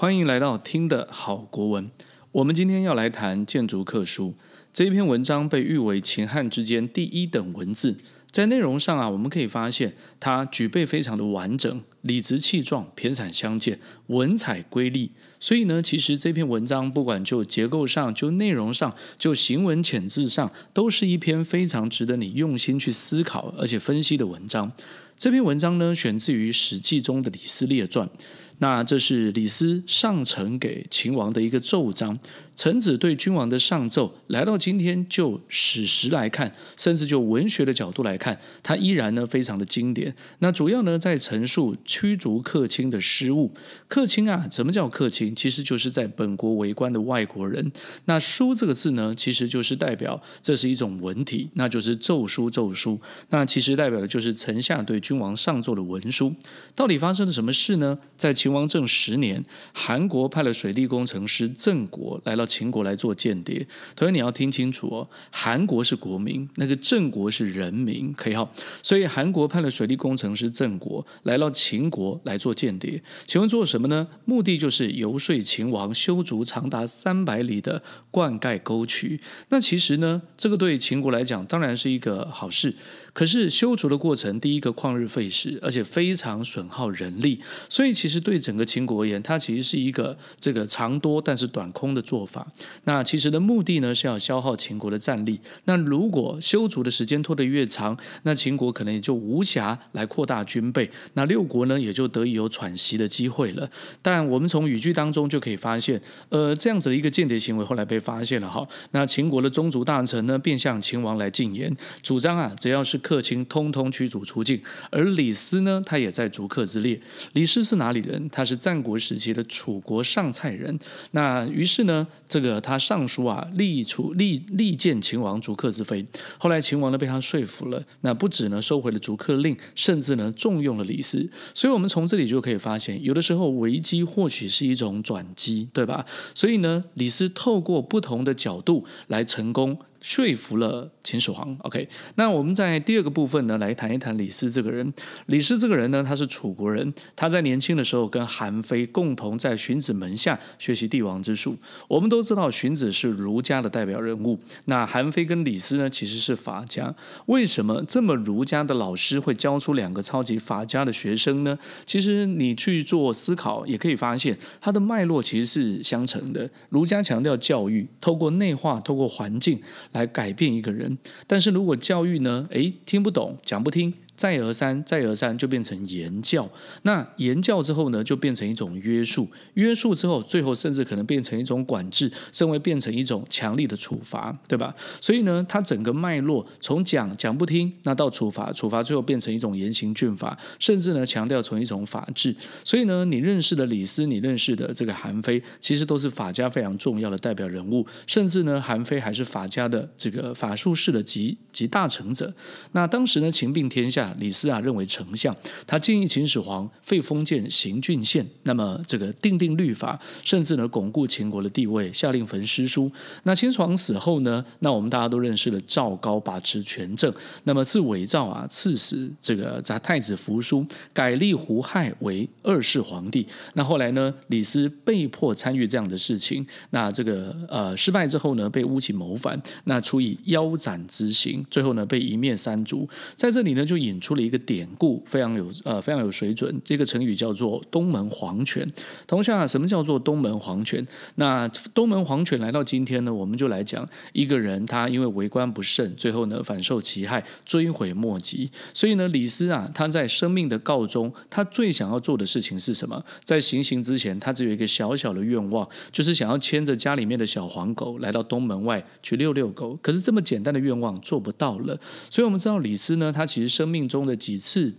歡迎來到聽的好國文。我們今天要來談《諫逐客書》這篇文章，被譽為秦漢之間第一等文字。在內容上啊，我們可以發現它舉備非常的完整，理直氣壯，駢散相間，文采瑰麗。所以呢，其實這篇文章不管就結構上、就內容上、就行文遣字上，都是一篇非常值得你用心去思考而且分析的文章。這篇文章呢，選自於《史記》中的《李斯列傳》。那這是李斯上呈給秦王的一個奏章。臣子對君王的上奏，來到今天就史實來看，甚至就文學的角度來看，它依然呢非常的經典。那主要呢在陳述驅逐客卿的失誤。客卿啊，什麼叫客卿？其實就是在本國為官的外國人。那書這個字呢，其實就是代表這是一種文體，那就是奏書，奏書。那其實代表的就是臣下對君王上奏的文書。到底發生了什麼事呢？在秦王政十年，韓國派了水利工程師鄭國來到。秦國來做間諜，同學你要聽清楚哦。韓國是國名，那個鄭國是人名，可以哈、哦。所以韓國派了水利工程師鄭國來到秦國來做間諜，請問做什麼呢？目的就是游說秦王修築長達三百里的灌溉溝渠。那其實呢，這個對於秦國來講當然是一個好事。可是修築的過程，第一個曠日費時，而且非常損耗人力，所以其實對整個秦國而言，它其實是一個這個長多但是短空的做法。那其實的目的呢，是要消耗秦國的戰力。那如果修築的時間拖得越長，那秦國可能也就無暇來擴大軍備，那六國呢也就得以有喘息的機會了。但我們從語句當中就可以發現，呃，這樣子的一個間諜行為後來被發現了哈。那秦國的宗族大臣呢，便向秦王來進言，主張啊，只要是。客卿通通驅逐出境，而李斯呢，他也在逐客之列。李斯是哪裡人？他是戰國時期的楚國上蔡人。那於是呢，這個他上書啊，力楚力力諫秦王逐客之非。後來秦王呢，被他說服了。那不止呢，收回了逐客令，甚至呢，重用了李斯。所以，我們從這裡就可以發現，有的時候危機或許是一種轉機，對吧？所以呢，李斯透過不同的角度來成功說服了秦始皇。OK，那我們在第二個部分呢，來談一談李斯這個人。李斯這個人呢，他是楚國人。他在年輕的時候跟韓非共同在荀子門下學習帝王之術。我們都知道荀子是儒家的代表人物。那韓非跟李斯呢，其實是法家。為什麼這麼儒家的老師會教出兩個超級法家的學生呢？其實你去做思考，也可以發現他的脈絡其實是相成的。儒家強調教育，透過內化，透過環境。來改變一個人，但是如果教育呢，誒，聽不懂，講不聽，再而三，再而三就變成言教。那言教之後呢，就變成一種約束；約束之後，最後甚至可能變成一種管制，甚至變成一種強力的處罰，對吧？所以呢，它整個脈絡從講講不聽，那到處罰，處罰最後變成一種嚴刑峻法，甚至呢強調成一種法治。所以呢，你認識的李斯，你認識的這個韓非，其實都是法家非常重要的代表人物。甚至呢，韓非還是法家的這個法術勢的集集大成者。那當時呢，秦併天下。李斯啊，認為丞相，他建議秦始皇廢封建，行郡縣，那麼這個定定律法，甚至呢鞏固秦國的地位，下令焚詩書。那秦始皇死後呢，那我們大家都認識了趙高把持權政，那麼是偽造啊，賜死這個雜太子扶蘇，改立胡亥為二世皇帝。那後來呢，李斯被迫參與這樣的事情，那這個呃失敗之後呢，被誣起謀反，那處以腰斬之刑，最後呢被一滅三族。在這裡呢，就引。出了一個典故，非常有呃非常有水準。這個成語叫做“東門黃犬”。同學啊，什麼叫做“東門黃犬”？那“東門黃犬”來到今天呢？我們就來講一個人，他因為為官不慎，最後呢反受其害，追悔莫及。所以呢，李斯啊，他在生命的告終，他最想要做的事情是什麼？在行刑之前，他只有一個小小的願望，就是想要牽着家裡面的小黃狗，來到東門外去遛遛狗。可是這麼簡單的願望做不到了。所以，我們知道李斯呢，他其實生命。命中的幾次。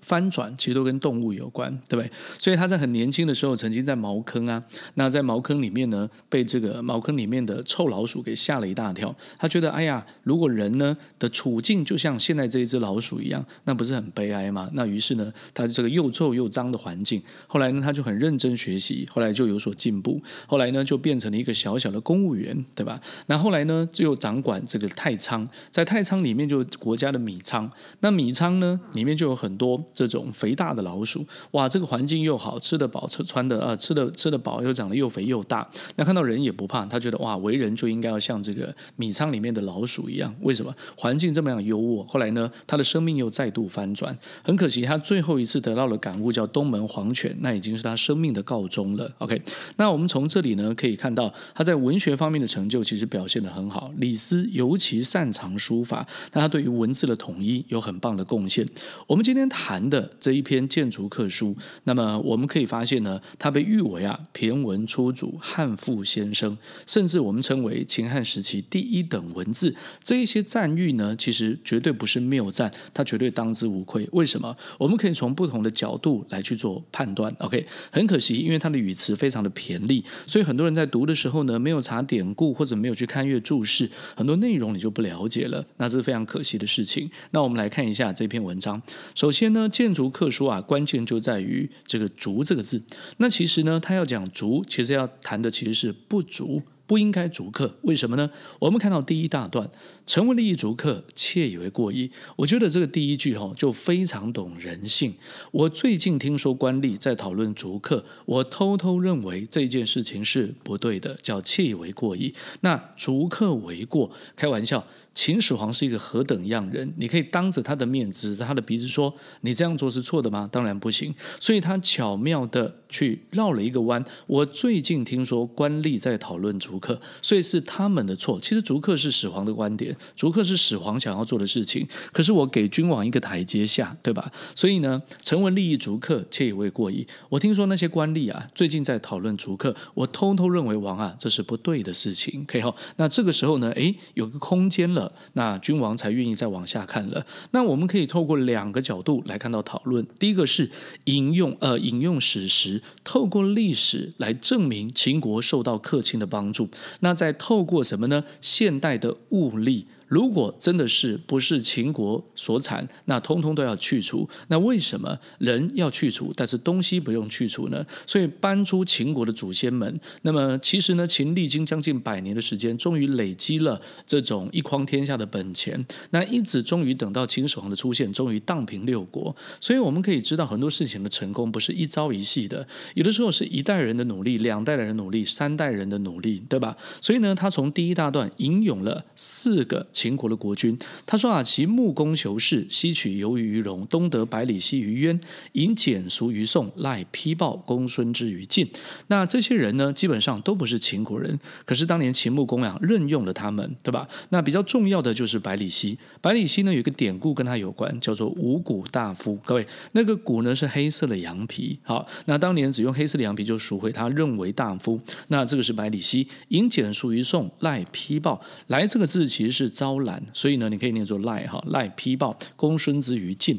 翻轉其實都跟動物有關，對不對？所以他在很年輕的時候，曾經在茅坑啊，那在茅坑裡面呢，被這個茅坑裡面的臭老鼠給嚇了一大跳。他覺得，哎呀，如果人呢的處境就像現在這一隻老鼠一樣，那不是很悲哀嗎？那於是呢，他這個又臭又髒的環境，後來呢，他就很認真學習，後來就有所進步，後來呢，就變成了一個小小的公務員，對吧？那後來呢，就掌管這個太倉，在太倉裡面就國家的米倉，那米倉呢裡面就有很多。這種肥大的老鼠，哇，這個環境又好，吃得飽，吃穿的，啊、呃，吃的吃得飽，又長得又肥又大。那看到人也不怕，他覺得哇，為人就應該要像這個米倉裡面的老鼠一樣。為什麼環境這麼樣優渥？後來呢，他的生命又再度翻轉。很可惜，他最後一次得到了感悟，叫東門黃犬，那已經是他生命的告終了。OK，那我們從這裡呢可以看到，他在文學方面的成就其實表現得很好。李斯尤其擅長書法，那他對於文字的統一有很棒的貢獻。我們今天談。的這一篇《諫逐客書》，那麼我們可以發現呢，他被譽為啊“駢文初祖”漢賦先生，甚至我們稱為秦漢時期第一等文字。這一些贊譽呢，其實絕對不是謬贊，他絕對當之無愧。為什麼？我們可以從不同的角度來去做判斷。OK，很可惜，因為他的語詞非常的駢儷，所以很多人在讀的時候呢，沒有查典故或者沒有去看閱注釋，很多內容你就不了解了，那這是非常可惜的事情。那我們來看一下這篇文章，首先呢。諫逐客書啊，關鍵就在於這個「逐」這個字。那其實呢，他要講「逐」，其實要談的其實是不逐，不應該逐客。為什麼呢？我們看到第一大段。臣聞吏議逐客，竊以為過矣。我覺得這個第一句哈就非常懂人性。我最近聽說官吏在討論逐客，我偷偷認為這件事情是不對的，叫竊以為過矣。那逐客為過，開玩笑，秦始皇是一個何等樣人？你可以當着他的面指着他的鼻子說：“你這樣做是錯的嗎？”當然不行。所以他巧妙地去繞了一個彎。我最近聽說官吏在討論逐客，所以是他們的錯。其實逐客是始皇的觀點。逐客是始皇想要做的事情，可是我給君王一個台階下，對吧？所以呢，臣聞吏議逐客，竊以為過矣。我聽說那些官吏啊，最近在討論逐客，我偷偷認為王啊，這是不對的事情。可以哈、哦，那這個時候呢，哎，有個空間了，那君王才願意再往下看了。那我們可以透過兩個角度來看到討論。第一個是引用呃，引用史實，透過歷史來證明秦國受到客卿的幫助。那再透過什麼呢？現代的物力。如果真的是不是秦國所產，那通通都要去除。那為什麼人要去除，但是東西不用去除呢？所以搬出秦國的祖先們。那麼其實呢，秦歷經將近百年的時間，終於累積了這種一匡天下的本錢。那一直終於等到秦始皇的出現，終於蕩平六國。所以我們可以知道，很多事情的成功不是一朝一夕的，有的時候是一代人的努力，兩代人的努力，三代人的努力，對吧？所以呢，他從第一大段引用了四個。秦國的國君，他說啊，秦穆公求士，西取由余於戎，東得百里奚於宛，迎蹇叔於宋，來丕豹、公孫支於晉。那這些人呢，基本上都不是秦國人，可是當年秦穆公呀，任用了他們，對吧？那比較重要的就是百里奚。百里奚呢，有一個典故跟他有關，叫做五羖大夫。各位，那個羖呢，是黑色的羊皮。好，那當年只用黑色的羊皮就贖回他，任為大夫。那這個是百里奚，迎蹇叔於宋，來丕豹。來，這個字其實是招。所以呢，你可以念作賴哈賴，ine, 丕豹公孫支於晉。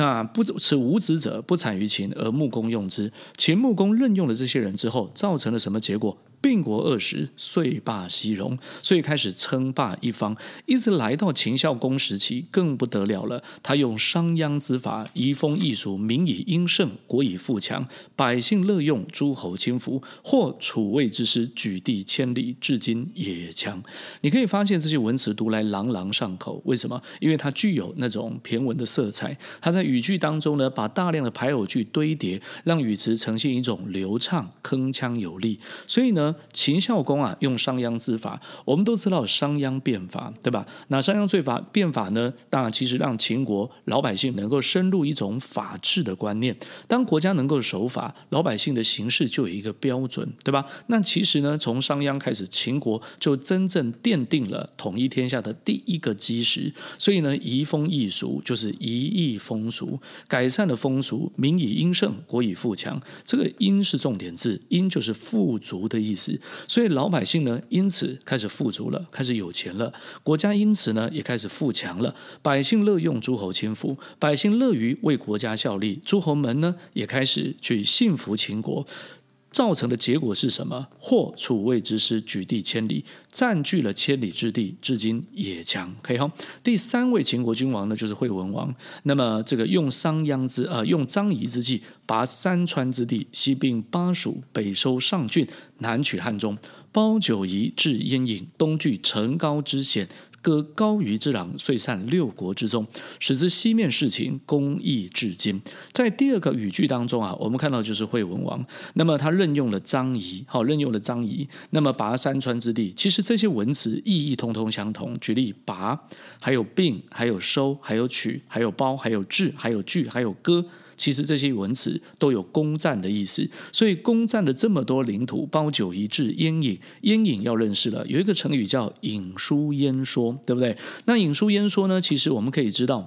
那不此五子者不產於秦而穆公用之。秦穆公任用了這些人之後，造成了什麼結果？併國二十，遂霸西戎，所以開始稱霸一方。一直來到秦孝公時期，更不得了了。他用商鞅之法，移風易俗，民以殷盛，國以富強，百姓樂用，諸侯親服。獲楚魏之師，舉地千里，至今也強。你可以發現這些文詞讀來朗朗上口，為什麼？因為它具有那種駢文的色彩，它在。語句當中呢，把大量的排偶句堆疊，讓語詞呈現一種流暢、鏗鏘有力。所以呢，秦孝公啊，用商鞅之法，我們都知道商鞅變法，對吧？那商鞅最法，變法呢，當然其實讓秦國老百姓能夠深入一種法治的觀念。當國家能夠守法，老百姓的行事就有一個標準，對吧？那其實呢，從商鞅開始，秦國就真正奠定了統一天下的第一個基石。所以呢，移風易俗，就是移易風俗改善了風俗，民以殷盛，國以富強。這個“殷”是重點字，“殷”就是富足的意思。所以老百姓呢，因此開始富足了，開始有錢了；國家因此呢，也開始富強了。百姓樂用諸侯親附，百姓樂於為國家效力，諸侯們呢，也開始去信服秦國。造成的結果是什麼？獲楚魏之師，舉地千里，占據了千里之地，至今也強。哈、哦，第三位秦國君王呢，就是惠文王。那麼這個用商鞅之呃，用張儀之計，拔三川之地，西并巴蜀，北收上郡，南取漢中，包九夷，制鄢郢，東據成皋之險。割膏腴之壤，遂散六國之眾，使之西面事秦。功施至今。在第二個語句當中啊，我們看到就是惠文王，那麼他任用了張儀，好、哦，任用了張儀，那麼拔三川之地。其實這些文詞意義通通相同。舉例：拔，還有並，還有收，還有取，還有包，還有制，還有據，還有割。其實這些文詞，都有攻占的意思，所以攻占了這麼多領土，包九夷、制鄢郢。鄢郢要認識了，有一個成語叫“郢書燕說”，對不對？那“郢書燕說”呢？其實我們可以知道。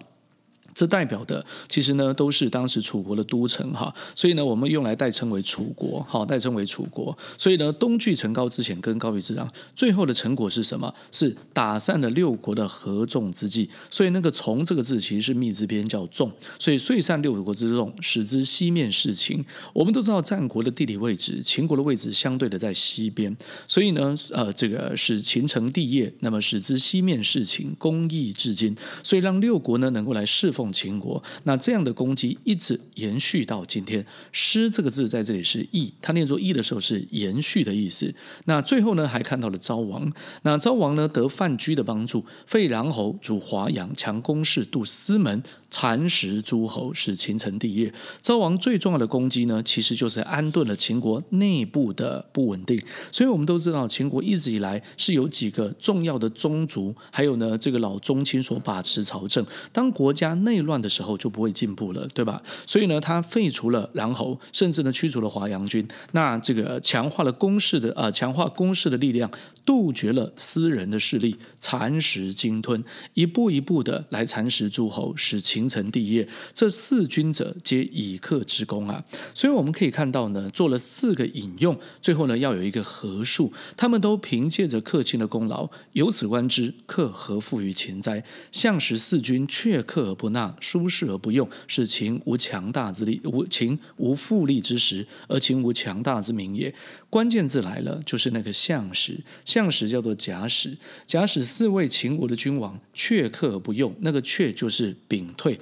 這代表的其實呢，都是當時楚國的都城哈，所以呢，我們用來代稱為楚國哈，代稱為楚國。所以呢，東據成皋之險，跟膏腴之壤，最後的成果是什麼？是打散了六國的合縱之計，所以那個“從”這個字，其實是之糸字邊叫“縱”，所以遂散六國之眾，使之西面事秦。我們都知道戰國的地理位置，秦國的位置相對的在西邊，所以呢，呃，這個使秦成帝業，那麼使之西面事秦，功益至今。所以讓六國呢，能夠來侍奉。秦國，那這樣的功績一直延續到今天。施這個字在這裡是意“易”，他念作“易”的時候是延續的意思。那最後呢，還看到了昭王。那昭王呢，得范雎的幫助，廢穰侯，主華陽，強公室，杜私門。蠶食諸侯，使秦成帝業。昭王最重要的功績呢，其實就是安頓了秦國內部的不穩定。所以我們都知道，秦國一直以來是有幾個重要的宗族，還有呢這個老宗親所把持朝政。當國家內亂的時候，就不會進步了，對吧？所以呢，他廢除了穰侯，甚至呢驅除了華陽君，那這個強化了攻勢的啊、呃，強化攻勢的力量。杜絕了私人的勢力，蠶食鯨吞，一步一步的來蠶食諸侯，使秦成帝業。這四君者皆以客之功啊！所以我們可以看到呢，做了四個引用，最後呢要有一個合數。他們都憑借着客卿的功勞，由此觀之，客何負於秦哉？向使四君卻客而不納，疏士而不用，使秦無強大之力，無秦無富力之時，而秦無強大之名也。關鍵字來了，就是那個向使，向使叫做假使，假使四位秦國的君王卻客而不用，那個卻就是摒退。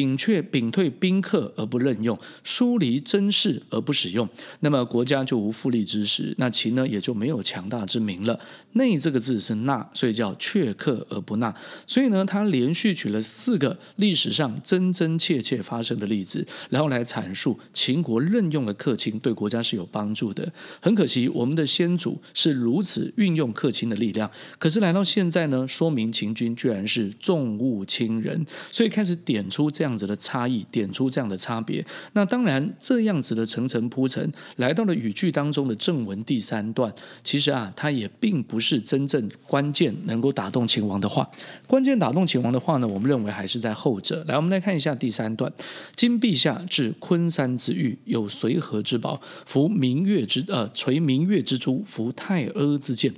摒卻摒退賓客而不任用，疏離真士而不使用，那麼國家就無富利之實，那秦呢也就沒有強大之名了。內這個字是納，所以叫卻客而不納。所以呢，他連續舉了四個歷史上真真切切發生的例子，然後來闡述秦國任用的客卿對國家是有幫助的。很可惜，我們的先祖是如此運用客卿的力量，可是來到現在呢，說明秦君居然是重物輕人，所以開始點出這。這樣子的差異，點出這樣的差別。那當然，這樣子的層層鋪陳，來到了語句當中的正文第三段。其實啊，它也並不是真正關鍵能夠打動秦王的話。關鍵打動秦王的話呢，我們認為還是在後者。來，我們來看一下第三段：今陛下致昆山之玉，有隨和之寶；服明月之呃，垂明月之珠，服太阿之劍。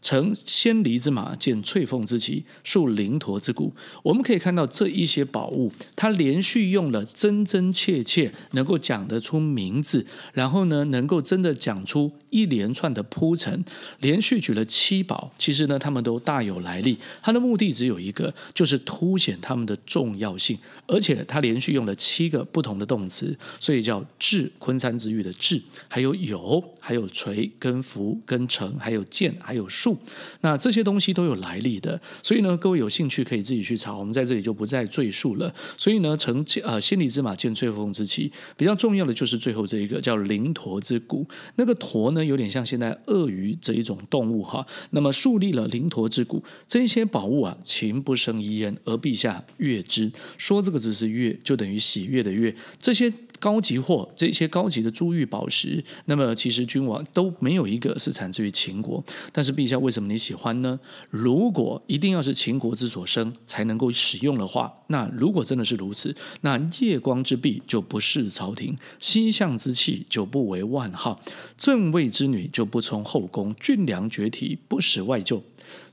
乘纖離之馬，建翠鳳之旗，樹靈鼉之鼓。我們可以看到這一些寶物，它連續用了真真切切，能夠講得出名字，然後呢，能夠真的講出。一連串的鋪陳，連續舉了七寶，其實呢，他們都大有來歷。他的目的只有一個，就是凸顯他們的重要性。而且他連續用了七個不同的動詞，所以叫致昆山之玉的致，還有有，還有垂跟服跟乘，還有建，還有樹。那這些東西都有來歷的，所以呢，各位有興趣可以自己去查，我們在這裡就不再贅述了。所以呢，乘啊纖離之馬，建翠鳳之旗，比較重要的就是最後這一個叫靈鼉之鼓，那個鼉呢？那有點像現在鱷魚這一種動物哈，那麼樹立了靈鼉之鼓，這些寶物啊，秦不生一焉，而陛下悅之。說這個字是悅，就等於喜悅的悅。這些高級貨，這些高級的珠玉寶石，那麼其實君王都沒有一個是產自於秦國。但是陛下為什麼你喜歡呢？如果一定要是秦國之所生才能夠使用的話，那如果真的是如此，那夜光之璧就不飾朝廷，犀象之器就不為玩好，鄭衛，之女就不充後宮，駿良駃騠，不實外廄。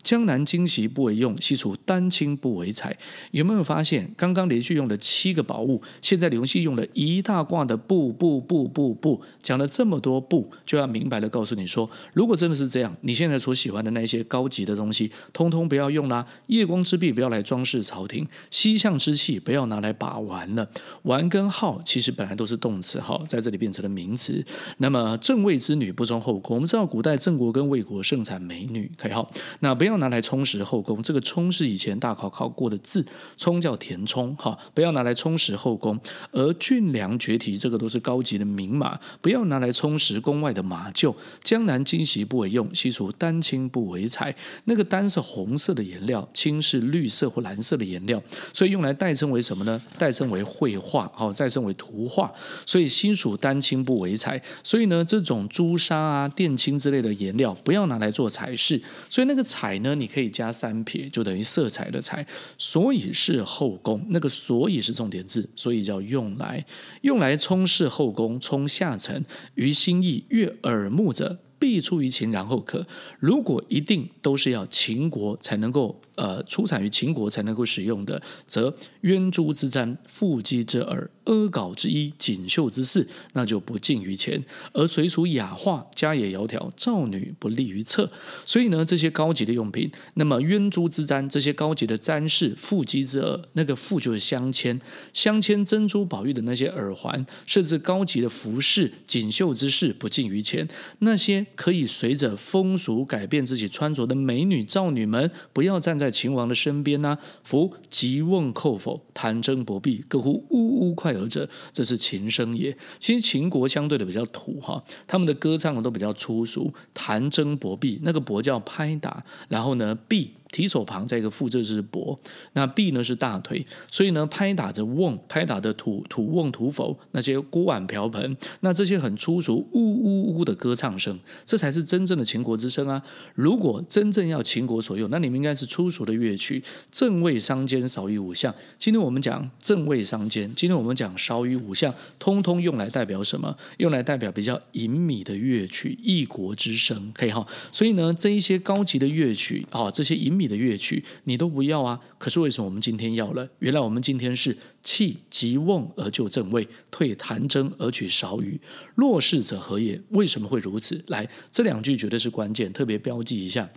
江南金錫不為用，西蜀丹青不為采。有沒有發現，剛剛連續用了七個寶物，現在劉戲用了一大掛的不不不不不，講了這麼多不，就要明白地告訴你說，如果真的是這樣，你現在所喜歡的那些高級的東西，通通不要用了。夜光之璧不要來裝飾朝廷，犀象之器不要拿來把玩了。玩跟好其實本來都是動詞，哈，在這裡變成了名詞。那麼鄭衛之女不充後宮，我們知道古代鄭國跟衛國盛產美女，可以哈，那不要。要拿來充實後宮，這個“充”是以前大考考過的字，“充”叫填充，哈，不要拿來充實後宮。而駿良駃騠，這個都是高級的名馬，不要拿來充實宮外的馬廄。江南金錫不為用，西蜀丹青不為彩。那個“丹”是紅色的顏料，“青”是綠色或藍色的顏料，所以用來代稱為什麼呢？代稱為繪畫，好、哦，代稱為圖畫。所以西蜀丹青不為彩，所以呢，這種朱砂啊、靛青之類的顏料，不要拿來做彩飾。所以那個彩。呢？你可以加三撇，就等於色彩的彩，所以是後宮。那個所以是重點字，所以叫用來，用來充實後宮，充下層娛心意悅耳目者，必出於秦然後可。如果一定都是要秦國才能夠，呃，出產於秦國才能夠使用的，則宛珠之簪，傅璣之珥。阿縞之衣，錦繡之飾，那就不進於前；而隨俗雅化，佳冶窈窕，趙女不立於側。所以呢，這些高級的用品，那麼宛珠之簪，這些高級的簪飾，傅璣之珥，那個傅就是鑲嵌，鑲嵌珍珠、寶玉的那些耳環，甚至高級的服飾，錦繡之飾不進於前。那些可以隨着風俗改變自己穿着的美女、趙女們，不要站在秦王的身邊吶、啊，服。擊甕叩缶，彈箏搏髀，歌呼嗚嗚快耳者，這是秦聲也。其實秦國相對的比較土哈，他們的歌唱都比較粗俗，彈箏搏髀，那個搏叫拍打，然後呢髀。提手旁再一個復，這是“搏”，那“髀”呢是大腿，所以呢拍打着甕，拍打着土土甕土缶，那些鍋碗瓢盆，那這些很粗俗，嗚嗚嗚的歌唱聲，這才是真正的秦國之聲啊！如果真正要秦國所用，那你們應該是粗俗的樂曲。鄭衛桑間韶虞武象，今天我們講鄭衛桑間，今天我們講韶虞武象，通通用來代表什麼？用來代表比較隱秘的樂曲，異國之聲，可以哈。所以呢，這一些高級的樂曲，啊，這些隱秘。的樂曲你都不要啊？可是為什麼我們今天要了？原來我們今天是棄擊甕而就鄭衛，退彈箏而取韶虞。若是者何也？為什麼會如此？來，這兩句絕對是關鍵，特別標記一下。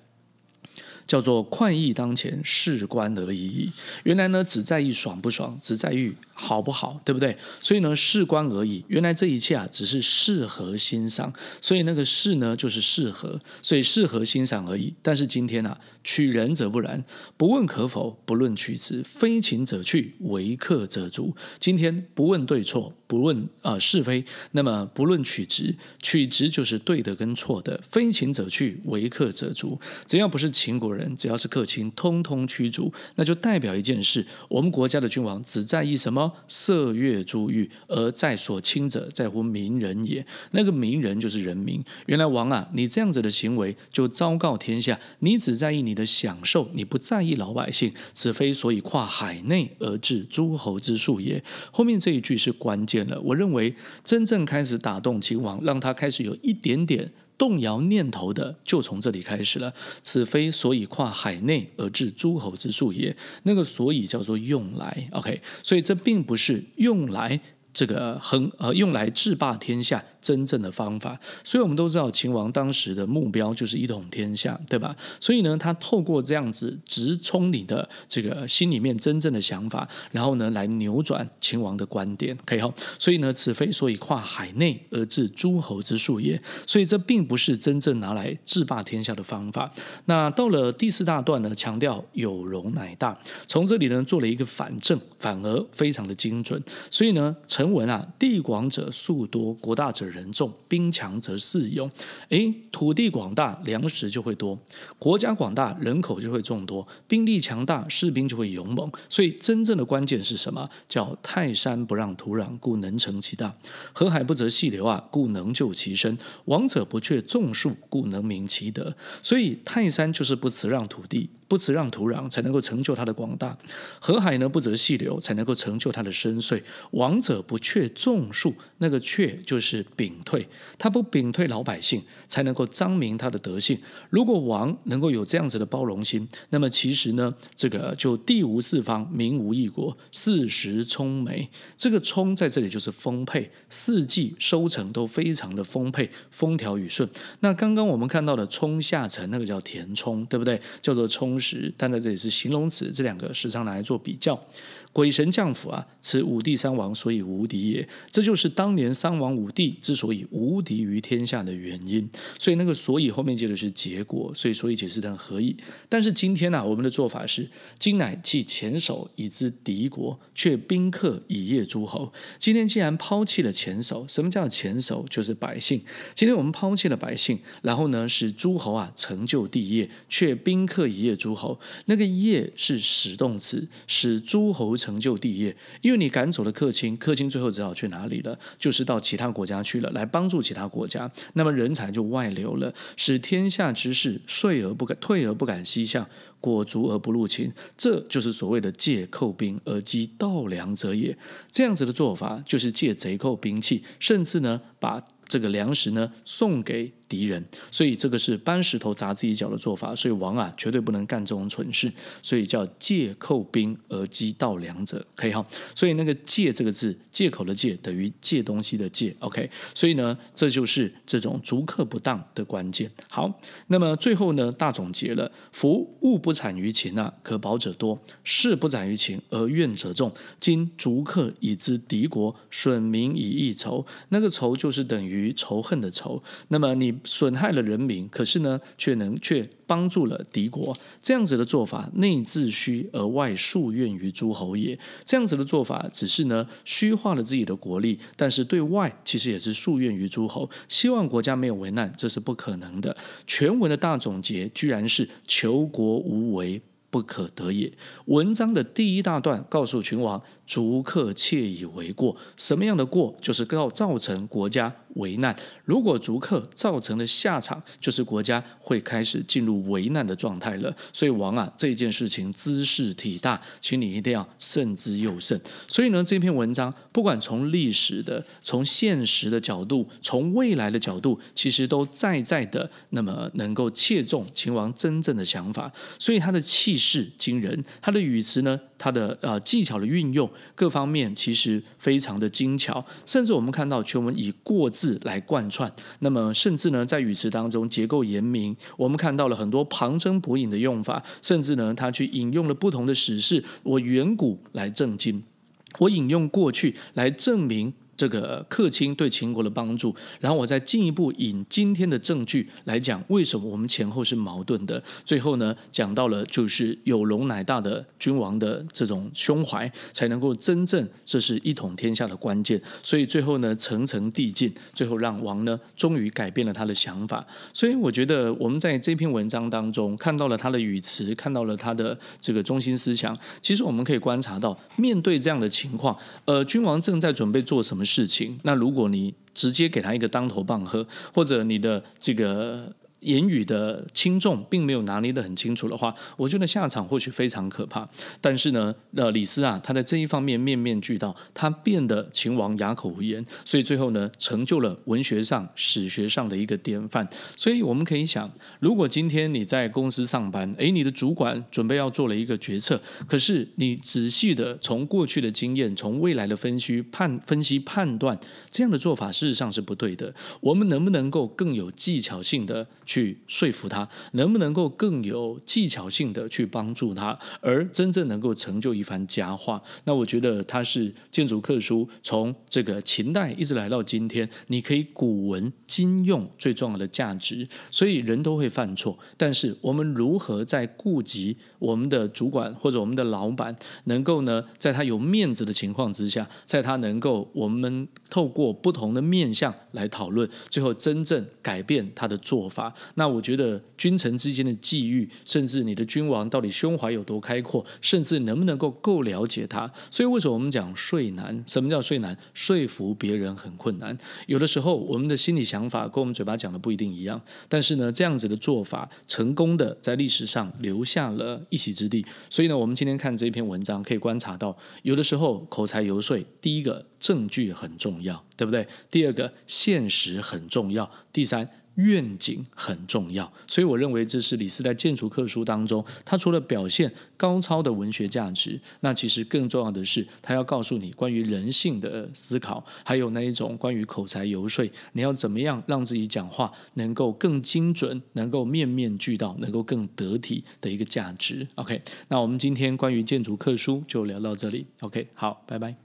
叫做快意當前，適觀而已。原來呢，只在意爽不爽，只在意好不好，對不對？所以呢，適觀而已。原來這一切啊，只是適合欣賞。所以那個適呢，就是適合。所以適合欣賞而已。但是今天啊，取人則不然，不問可否，不論曲直，非秦者去，為客者逐。今天不問對錯。不論啊、呃、是非，那麼不論曲直，曲直就是對的跟錯的。非秦者去，為客者逐，只要不是秦國人，只要是客卿，通通驅逐。那就代表一件事：我們國家的君王只在意什麼色樂珠玉，而在所親者在乎民人也。那個民人就是人民。原來王啊，你這樣子的行為就昭告天下，你只在意你的享受，你不在意老百姓。此非所以跨海內而致諸侯之術也。後面這一句是關鍵。我認為真正開始打動秦王，讓他開始有一點點動搖念頭的，就從這裡開始了。此非所以跨海內而制諸侯之術也。那個所以叫做用來，OK，所以這並不是用來這個橫，呃，用來制霸天下。真正的方法，所以我們都知道秦王當時的目標就是一統天下，對吧？所以呢，他透過這樣子直衝你的這個心裡面真正的想法，然後呢，來扭轉秦王的觀點，可以哈。所以呢，此非所以跨海內而制諸侯之術也。所以這並不是真正拿來制霸天下的方法。那到了第四大段呢，強調有容乃大，從這裡呢做了一個反證，反而非常的精準。所以呢，臣聞啊，地廣者粟多，國大者。人眾，兵強則士勇。誒，土地廣大，糧食就會多；國家廣大，人口就會眾多；兵力強大，士兵就會勇猛。所以，真正的關鍵是什麼？叫泰山不讓土壤，故能成其大；河海不擇細流啊，故能就其深；王者不卻眾庶，故能明其德。所以，泰山就是不辭讓土地。不辭讓土壤，才能夠成就它的廣大；河海呢，不擇細流，才能夠成就它的深邃。王者不卻眾庶，那個“卻”就是摒退，他不摒退老百姓，才能夠彰明他的德性。如果王能夠有這樣子的包容心，那麼其實呢，這個就地無四方，民無異國，四時充美。這個“充”在這裡就是豐沛，四季收成都非常的豐沛，風調雨順。那剛剛我們看到的“充”下陳，那個叫填充，對不對？叫做“充”。但在這裡是形容詞，這兩個時常來做比較。鬼神降福啊！此五帝三王所以無敵也。這就是當年三王五帝之所以無敵於天下的原因。所以那個“所以”後面接的是結果，所以“所以”解釋成何意？但是今天呢、啊，我們的做法是：今乃棄黔首以知敵國，卻賓客以業諸侯。今天既然拋棄了黔首，什麼叫黔首？就是百姓。今天我們拋棄了百姓，然後呢，使諸侯啊成就帝業，卻賓客以業諸侯。那個“業”是使動詞，使諸侯。成就帝業，因為你趕走了客卿，客卿最後只好去哪裡了？就是到其他國家去了，來幫助其他國家。那麼人才就外流了，使天下之士，遂而不敢退而不敢西向，裹足而不入秦。這就是所謂的借寇兵而積盜糧者也。這樣子的做法，就是借賊寇兵器，甚至呢，把這個糧食呢送給。敵人，所以這個是搬石頭砸自己腳的做法，所以王啊絕對不能幹這種蠢事，所以叫借寇兵而擊盜糧者，可以哈。所以那個“借”這個字，借口的“借”等於借東西的“借 ”，OK。所以呢，這就是這種逐客不當的關鍵。好，那麼最後呢，大總結了：夫物不產於秦啊，可寶者多；士不產於秦而願者眾。今逐客以資敵國，損民以益仇。那個“仇”就是等於仇恨的“仇”。那麼你。損害了人民，可是呢，卻能卻幫助了敵國。這樣子的做法，內自虛而外樹怨於諸侯也。這樣子的做法，只是呢，虛化了自己的國力，但是對外其實也是樹怨於諸侯。希望國家沒有危難，這是不可能的。全文的大總結，居然是求國無危不可得也。文章的第一大段告訴秦王：逐客竊以為過。什麼樣的過，就是告造成國家，危難，如果逐客造成的下場，就是國家會開始進入危難的狀態了。所以王啊，這件事情茲事體大，請你一定要慎之又慎。所以呢，這篇文章不管從歷史的、從現實的角度、從未來的角度，其實都再再的那麼能夠切中秦王真正的想法。所以他的氣勢驚人，他的語詞呢，他的呃技巧的運用各方面，其實非常的精巧。甚至我們看到全文以“過”字。來貫穿，那麼甚至呢，在語詞當中結構嚴明，我們看到了很多旁徵博引的用法，甚至呢，他去引用了不同的史事，我遠古來證今，我引用過去來證明。這個客卿對秦國的幫助，然後我再進一步引今天的證據來講，為什麼我們前後是矛盾的？最後呢，講到了就是有容乃大的君王的這種胸懷，才能夠真正這是一統天下的關鍵。所以最後呢，層層遞進，最後讓王呢終於改變了他的想法。所以我覺得我們在這篇文章當中看到了他的語詞，看到了他的這個中心思想。其實我們可以觀察到，面對這樣的情況，呃，君王正在準備做什麼？事情，那如果你直接給他一個當頭棒喝，或者你的這個言語的輕重並沒有拿捏得很清楚的話，我覺得下場或許非常可怕。但是呢，呃，李斯啊，他在這一方面面面俱到，他變得秦王啞口無言，所以最後呢，成就了文學上、史學上的一個典範。所以我們可以想，如果今天你在公司上班，誒，你的主管準備要做了一個決策，可是你仔細地從過去的經驗、從未來的分析判分析判斷，這樣的做法事實上是不對的。我們能不能夠更有技巧性的？去說服他，能不能夠更有技巧性的去幫助他，而真正能夠成就一番佳話？那我覺得它是諫逐客書從這個秦代一直來到今天，你可以古文今用最重要的價值。所以人都會犯錯，但是我們如何在顧及我們的主管或者我們的老闆能夠呢，在他有面子的情況之下，在他能夠我們透過不同的面向來討論，最後真正改變他的做法。那我覺得君臣之間的際遇，甚至你的君王到底胸懷有多開闊，甚至能不能夠夠了解他？所以為什麼我們講說難？什麼叫說難？說服別人很困難。有的時候我們的心理想法跟我們嘴巴講的不一定一樣，但是呢，這樣子的做法成功的在歷史上留下了一席之地。所以呢，我們今天看這篇文章，可以觀察到，有的時候口才游說，第一個證據很重要，對不對？第二個現實很重要，第三。願景很重要，所以我認為這是李斯在《諫逐客書》當中，他除了表現高超的文學價值，那其實更重要的是，他要告訴你關於人性的思考，還有那一種關於口才游說，你要怎麼樣讓自己講話能夠更精準，能夠面面俱到，能夠更得體的一個價值。OK，那我們今天關於《諫逐客書》就聊到這裡。OK，好，拜拜。